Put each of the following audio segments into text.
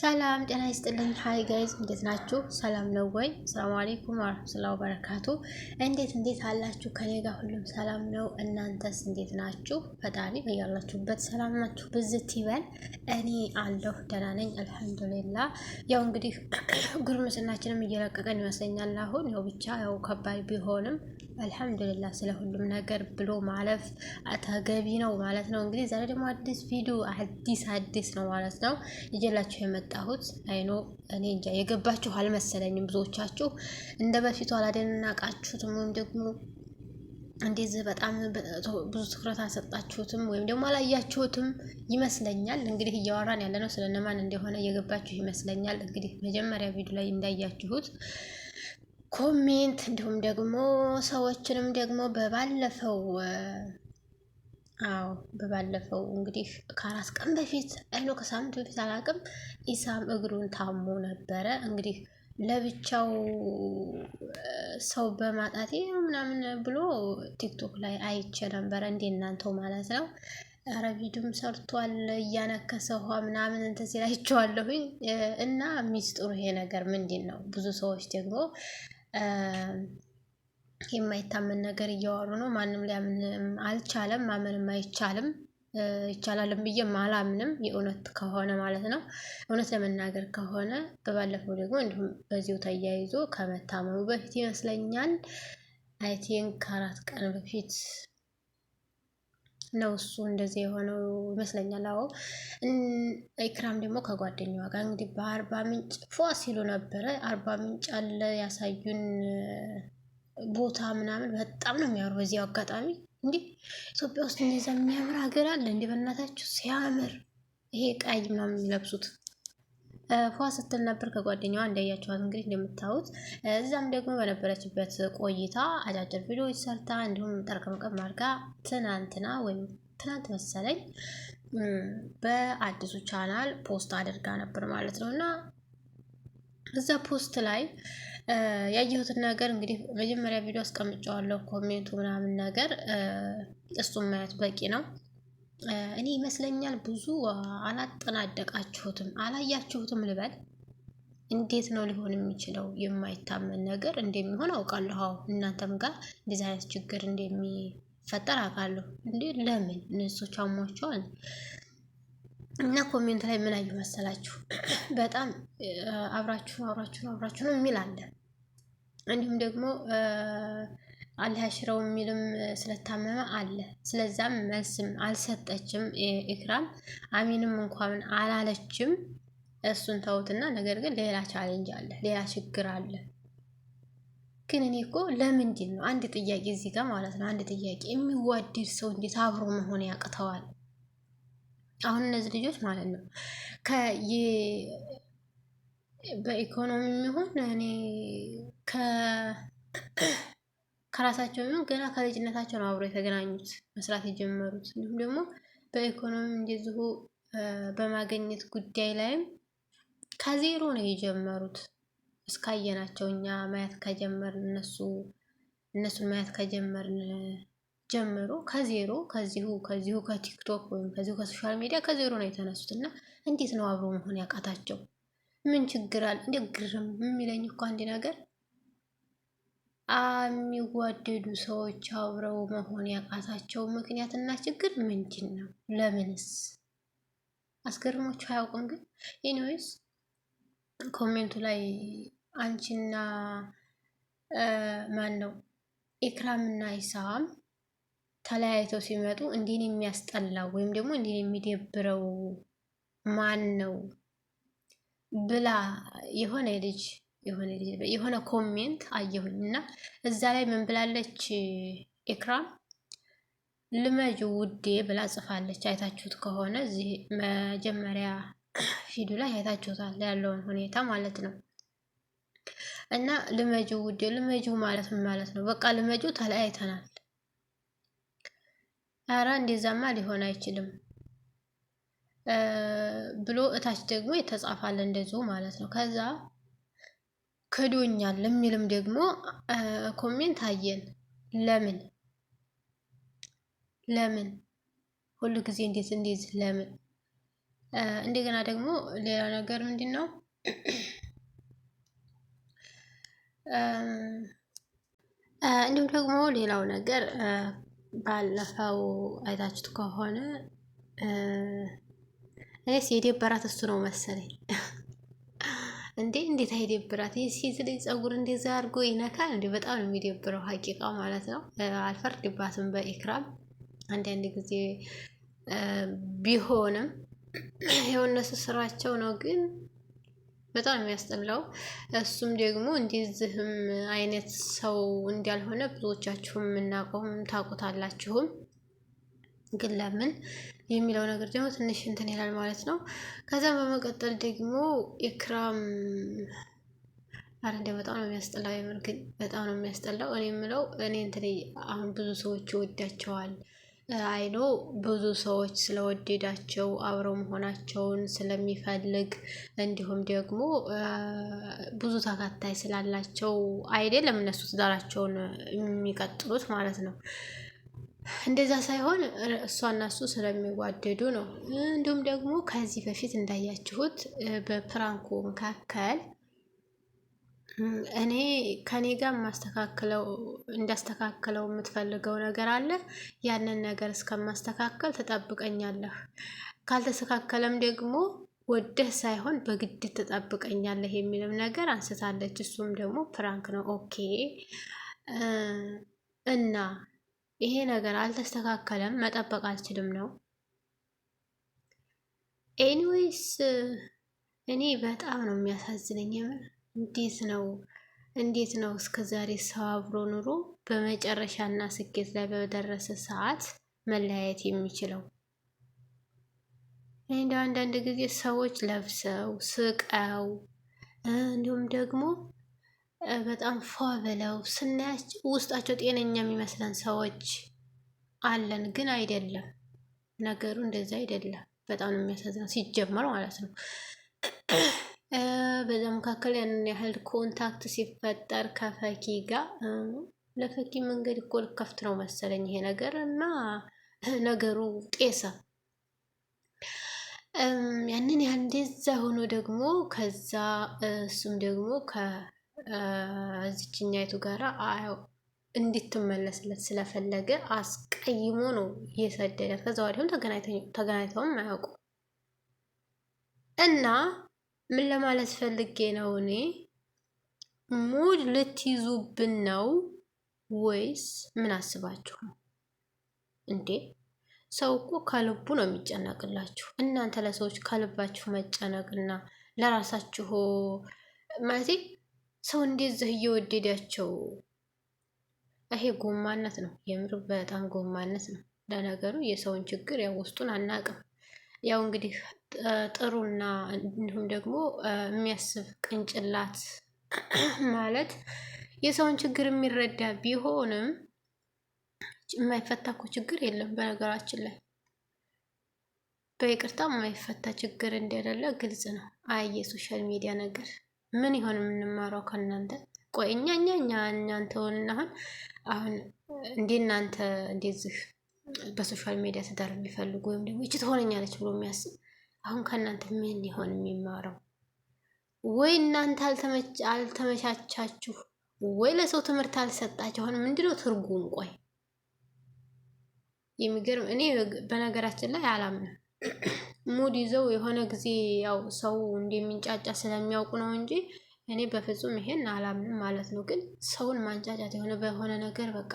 ሰላም ጤና ይስጥልን። ሀይ ጋይዝ እንዴት ናችሁ? ሰላም ነው ወይ? ሰላም አሌይኩም ወረሕመቱላሂ ወበረካቱ። እንዴት እንዴት አላችሁ? ከኔ ጋር ሁሉም ሰላም ነው። እናንተስ እንዴት ናችሁ? ፈጣሪ በያላችሁበት ሰላም ናችሁ ብዝት ይበል። እኔ አለሁ ደህና ነኝ አልሐምዱሊላ። ያው እንግዲህ ጉርምስናችንም እየለቀቀን ይመስለኛል አሁን። ያው ብቻ ያው ከባድ ቢሆንም አልሐምዱሊላ ስለ ሁሉም ነገር ብሎ ማለፍ ተገቢ ነው ማለት ነው። እንግዲህ ዛሬ ደግሞ አዲስ ቪዲዮ አዲስ አዲስ ነው ማለት ነው ይዤላችሁ የመ የመጣሁት አይኖ እኔ እንጃ የገባችሁ አልመሰለኝም። ብዙዎቻችሁ እንደ በፊቱ አላደናቃችሁትም ወይም ደግሞ እንደዚህ በጣም ብዙ ትኩረት አልሰጣችሁትም ወይም ደግሞ አላያችሁትም ይመስለኛል። እንግዲህ እያወራን ያለ ነው ስለነማን እንደሆነ እየገባችሁ ይመስለኛል። እንግዲህ መጀመሪያ ቪዲዮ ላይ እንዳያችሁት ኮሜንት እንዲሁም ደግሞ ሰዎችንም ደግሞ በባለፈው አዎ በባለፈው እንግዲህ ከአራት ቀን በፊት አይኖ ከሳምንት በፊት አላቅም ኢሳም እግሩን ታሞ ነበረ። እንግዲህ ለብቻው ሰው በማጣቴ ምናምን ብሎ ቲክቶክ ላይ አይቼ ነበረ፣ እንዴ እናንተው ማለት ነው። ኧረ ቪዲዮም ሰርቷል እያነከሰ ውሃ ምናምን እንትን ሲል አይቼዋለሁኝ። እና ሚስጥሩ ይሄ ነገር ምንድን ነው? ብዙ ሰዎች ደግሞ የማይታመን ነገር እያወሩ ነው። ማንም ሊያምን አልቻለም፣ ማመንም አይቻልም። ይቻላልም ብዬም አላምንም፣ የእውነት ከሆነ ማለት ነው። እውነት ለመናገር ከሆነ በባለፈው ደግሞ እንዲሁም በዚሁ ተያይዞ ከመታመሙ በፊት ይመስለኛል አይቲንክ ከአራት ቀን በፊት ነው እሱ እንደዚህ የሆነው ይመስለኛል። አዎ ኢክራም ደግሞ ከጓደኛዋ ጋር እንግዲህ በአርባ ምንጭ ፏ ሲሉ ነበረ። አርባ ምንጭ አለ ያሳዩን ቦታ ምናምን በጣም ነው የሚያምር። በዚያው አጋጣሚ እንዲህ ኢትዮጵያ ውስጥ እንደዛ የሚያምር ሀገር አለ እንዲህ በእናታችሁ ሲያምር። ይሄ ቀይ ምናምን የሚለብሱት ፏ ስትል ነበር ከጓደኛዋ እንዳያቸዋት እንግዲህ እንደምታዩት። እዛም ደግሞ በነበረችበት ቆይታ አጫጭር ቪዲዮዎች ሰርታ እንዲሁም ጠርቀምቀም አድርጋ ትናንትና ወይም ትናንት መሰለኝ በአዲሱ ቻናል ፖስት አድርጋ ነበር ማለት ነው እና እዛ ፖስት ላይ ያየሁትን ነገር እንግዲህ መጀመሪያ ቪዲዮ አስቀምጨዋለሁ። ኮሜንቱ ምናምን ነገር እሱም ማየት በቂ ነው። እኔ ይመስለኛል ብዙ አላጠናደቃችሁትም፣ አላያችሁትም ልበል። እንዴት ነው ሊሆን የሚችለው? የማይታመን ነገር እንደሚሆን አውቃለሁ። አዎ እናንተም ጋር እንደዚህ አይነት ችግር እንደሚፈጠር አውቃለሁ። እንዴ ለምን እነሱ ቻሟቸዋል? እና ኮሜንት ላይ ምን አየሁ መሰላችሁ? በጣም አብራችሁ አብራችሁ አብራችሁ ነው የሚል አለ። እንዲሁም ደግሞ አላህ የሚልም ስለታመመ አለ። ስለዛም መልስም አልሰጠችም። ኢክራም አሚንም እንኳን አላለችም። እሱን ተውትና፣ ነገር ግን ሌላ ቻሌንጅ አለ፣ ሌላ ችግር አለ። ግን እኔ እኮ ለምንድን ነው አንድ ጥያቄ እዚህ ጋር ማለት ነው አንድ ጥያቄ፣ የሚዋደድ ሰው እንዴት አብሮ መሆን ያቅተዋል? አሁን እነዚህ ልጆች ማለት ነው በኢኮኖሚ የሚሆን እኔ ከራሳቸው ቢሆን ገና ከልጅነታቸው ነው አብሮ የተገናኙት መስራት የጀመሩት። እንዲሁም ደግሞ በኢኮኖሚ እንደዚሁ በማገኘት ጉዳይ ላይም ከዜሮ ነው የጀመሩት። እስካየናቸው እኛ ማየት ከጀመር እነሱ እነሱን ማየት ከጀመርን ጀምሮ ከዜሮ ከዚሁ ከዚሁ ከቲክቶክ ወይም ከዚሁ ከሶሻል ሚዲያ ከዜሮ ነው የተነሱት እና እንዴት ነው አብሮ መሆን ያቃታቸው? ምን ችግር አለ? እንደ ግርም የሚለኝ እኮ አንድ ነገር የሚዋደዱ ሰዎች አብረው መሆን ያቃታቸው ምክንያትና ችግር ምንድን ነው? ለምንስ? አስገርሞቹ አያውቁም ግን ኤኒዌይስ ኮሜንቱ ላይ አንቺና ማን ነው ኢክራምና ሂሳም ተለያይተው ሲመጡ እንዲህን የሚያስጠላው ወይም ደግሞ እንዲህን የሚደብረው ማን ነው ብላ የሆነ ልጅ የሆነ የሆነ ኮሜንት አየሁኝ እና እዛ ላይ ምን ብላለች ኤክራም ልመጅ ውዴ ብላ ጽፋለች። አይታችሁት ከሆነ እዚህ መጀመሪያ ፊዱ ላይ አይታችሁታል ያለውን ሁኔታ ማለት ነው። እና ልመጁ ውዴ ልመጁ ማለት ምን ማለት ነው? በቃ ልመጁ ተለያይተናል። አረ እንደዛማ ሊሆን አይችልም ብሎ እታች ደግሞ የተጻፋለ እንደዚሁ ማለት ነው ከዛ ክዶኛል የሚልም ደግሞ ኮሜንት አየን። ለምን ለምን ሁሉ ጊዜ እንዴት እንዴት ለምን? እንደገና ደግሞ ሌላ ነገር ምንድን ነው እንዲሁም ደግሞ ሌላው ነገር ባለፈው አይታችሁት ከሆነ እኔስ የደበራት እሱ ነው መሰለኝ። እንዴ እንዴት አይደብራት? የሴት ልጅ ጸጉር እንደዛ አድርጎ ይነካል እንዴ? በጣም ነው የሚደብረው ሀቂቃው ማለት ነው። አልፈርድባትም በኢክራም አንዳንድ ጊዜ ቢሆንም ይኸው እነሱ ስራቸው ነው ግን በጣም የሚያስጠላው እሱም ደግሞ እንደዚህም አይነት ሰው እንዳልሆነ ብዙዎቻችሁም እናቆም ታውቁታላችሁም። ግን ለምን የሚለው ነገር ደግሞ ትንሽ እንትን ይላል ማለት ነው። ከዚያም በመቀጠል ደግሞ ኢክራም አረ እንደ በጣም ነው የሚያስጠላው። የምር ግን በጣም ነው የሚያስጠላው። እኔ የምለው እኔ እንትን አሁን ብዙ ሰዎች ይወዳቸዋል አይኖ ብዙ ሰዎች ስለወደዳቸው አብረው መሆናቸውን ስለሚፈልግ እንዲሁም ደግሞ ብዙ ተከታይ ስላላቸው አይደለም እነሱ ትዳራቸውን የሚቀጥሉት ማለት ነው። እንደዛ ሳይሆን እሷና እሱ ስለሚዋደዱ ነው። እንዲሁም ደግሞ ከዚህ በፊት እንዳያችሁት በፕራንኩ መካከል እኔ ከኔ ጋር ማስተካከለው እንዳስተካከለው የምትፈልገው ነገር አለ። ያንን ነገር እስከማስተካከል ትጠብቀኛለህ። ካልተስተካከለም ደግሞ ወደህ ሳይሆን በግድ ትጠብቀኛለህ የሚልም ነገር አንስታለች። እሱም ደግሞ ፕራንክ ነው ኦኬ እና ይሄ ነገር አልተስተካከለም፣ መጠበቅ አልችልም ነው። ኤኒዌይስ እኔ በጣም ነው የሚያሳዝነኝ። እንዴት ነው እንዴት ነው እስከ ዛሬ ሰው አብሮ ኑሮ በመጨረሻ እና ስኬት ላይ በደረሰ ሰዓት መለያየት የሚችለው? እንደ አንዳንድ ጊዜ ሰዎች ለብሰው ስቀው እንዲሁም ደግሞ በጣም ፏ ብለው ስናያቸው ውስጣቸው ጤነኛ የሚመስለን ሰዎች አለን፣ ግን አይደለም። ነገሩ እንደዛ አይደለም። በጣም ነው የሚያሳዝነው ሲጀመር ማለት ነው። በዛ መካከል ያንን ያህል ኮንታክት ሲፈጠር ከፈኪ ጋር ለፈኪ መንገድ እኮ ልከፍት ነው መሰለኝ ይሄ ነገር እና ነገሩ ጤሰ ያንን ያህል እንደዛ ሆኖ ደግሞ ከዛ እሱም ደግሞ እዚችኛይቱ ጋራ እንድትመለስለት ስለፈለገ አስቀይሞ ነው እየሰደዳት። ከዛ ወዲያም ተገናኝተውም አያውቁ እና ምን ለማለት ፈልጌ ነው እኔ ሙድ ልትይዙብን ነው ወይስ ምን አስባችሁ ነው እንዴ? ሰው እኮ ከልቡ ነው የሚጨነቅላችሁ። እናንተ ለሰዎች ከልባችሁ መጨነቅና ለራሳችሁ ማለት ሰው እንደዚህ እየወደዳቸው ይሄ ጎማነት ነው። የምር በጣም ጎማነት ነው። ለነገሩ የሰውን ችግር ያው ውስጡን አናቅም። ያው እንግዲህ ጥሩና እንዲሁም ደግሞ የሚያስብ ቅንጭላት ማለት የሰውን ችግር የሚረዳ ቢሆንም የማይፈታ እኮ ችግር የለም። በነገራችን ላይ በይቅርታ የማይፈታ ችግር እንደሌለ ግልጽ ነው። አይ የሶሻል ሚዲያ ነገር ምን ይሆን የምንማረው ከእናንተ? ቆይ እኛ እኛ እኛ እናንተ ሆንናሁን አሁን እንዴ እናንተ እንደዚህ በሶሻል ሚዲያ ትዳር የሚፈልጉ ወይም ደግሞ ይቺ ትሆነኛለች ብሎ የሚያስብ አሁን ከእናንተ ምን ይሆን የሚማረው? ወይ እናንተ አልተመቻቻችሁ፣ ወይ ለሰው ትምህርት አልሰጣችሁ። አሁን ምንድነው ትርጉም? ቆይ የሚገርም እኔ በነገራችን ላይ አላምንም። ሙድ ይዘው የሆነ ጊዜ ያው ሰው እንደሚንጫጫ ስለሚያውቁ ነው እንጂ እኔ በፍጹም ይሄን አላምንም ማለት ነው። ግን ሰውን ማንጫጫት የሆነ በሆነ ነገር በቃ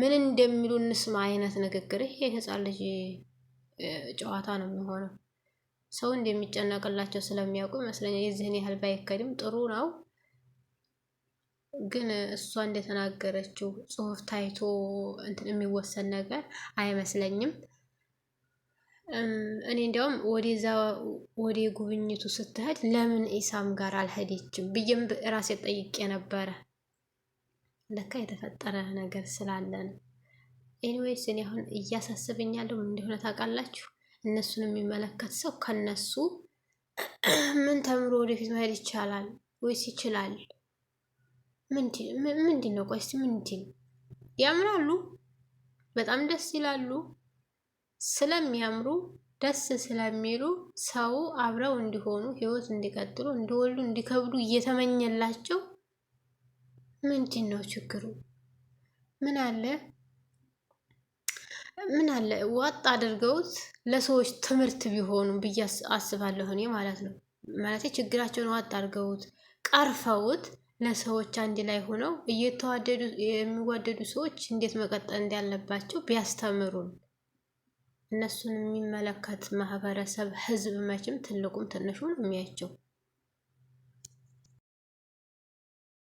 ምን እንደሚሉ እንስማ አይነት ንግግር ይሄ የህፃን ልጅ ጨዋታ ነው የሚሆነው። ሰው እንደሚጨነቅላቸው ስለሚያውቁ ይመስለኛል። የዚህን ያህል ባይከድም ጥሩ ነው። ግን እሷ እንደተናገረችው ጽሁፍ ታይቶ እንትን የሚወሰን ነገር አይመስለኝም። እኔ እንዲያውም ወደዛ ወደ ጉብኝቱ ስትሄድ ለምን ኢሳም ጋር አልሄደችም ብዬም ራሴ ጠይቄ ነበረ። ለካ የተፈጠረ ነገር ስላለ ነው። ኤኒዌይስ እኔ አሁን እያሳስብኛለሁ ምን እንደሆነ ታውቃላችሁ? እነሱን የሚመለከት ሰው ከነሱ ምን ተምሮ ወደፊት መሄድ ይቻላል ወይስ ይችላል? ምንድን ነው ቆይስ ምንድን ያምራሉ፣ በጣም ደስ ይላሉ። ስለሚያምሩ ደስ ስለሚሉ ሰው አብረው እንዲሆኑ ህይወት እንዲቀጥሉ እንዲወሉ እንዲከብዱ እየተመኘላቸው ምንድን ነው ችግሩ? ምን አለ ምን አለ ዋጥ አድርገውት ለሰዎች ትምህርት ቢሆኑ ብዬ አስባለሁ እኔ ማለት ነው። ማለት ችግራቸውን ዋጥ አድርገውት ቀርፈውት ለሰዎች አንድ ላይ ሆነው እየተዋደዱ የሚዋደዱ ሰዎች እንዴት መቀጠል እንዳለባቸው ቢያስተምሩን እነሱን የሚመለከት ማህበረሰብ ህዝብ መቼም ትልቁም ትንሹም የሚያቸው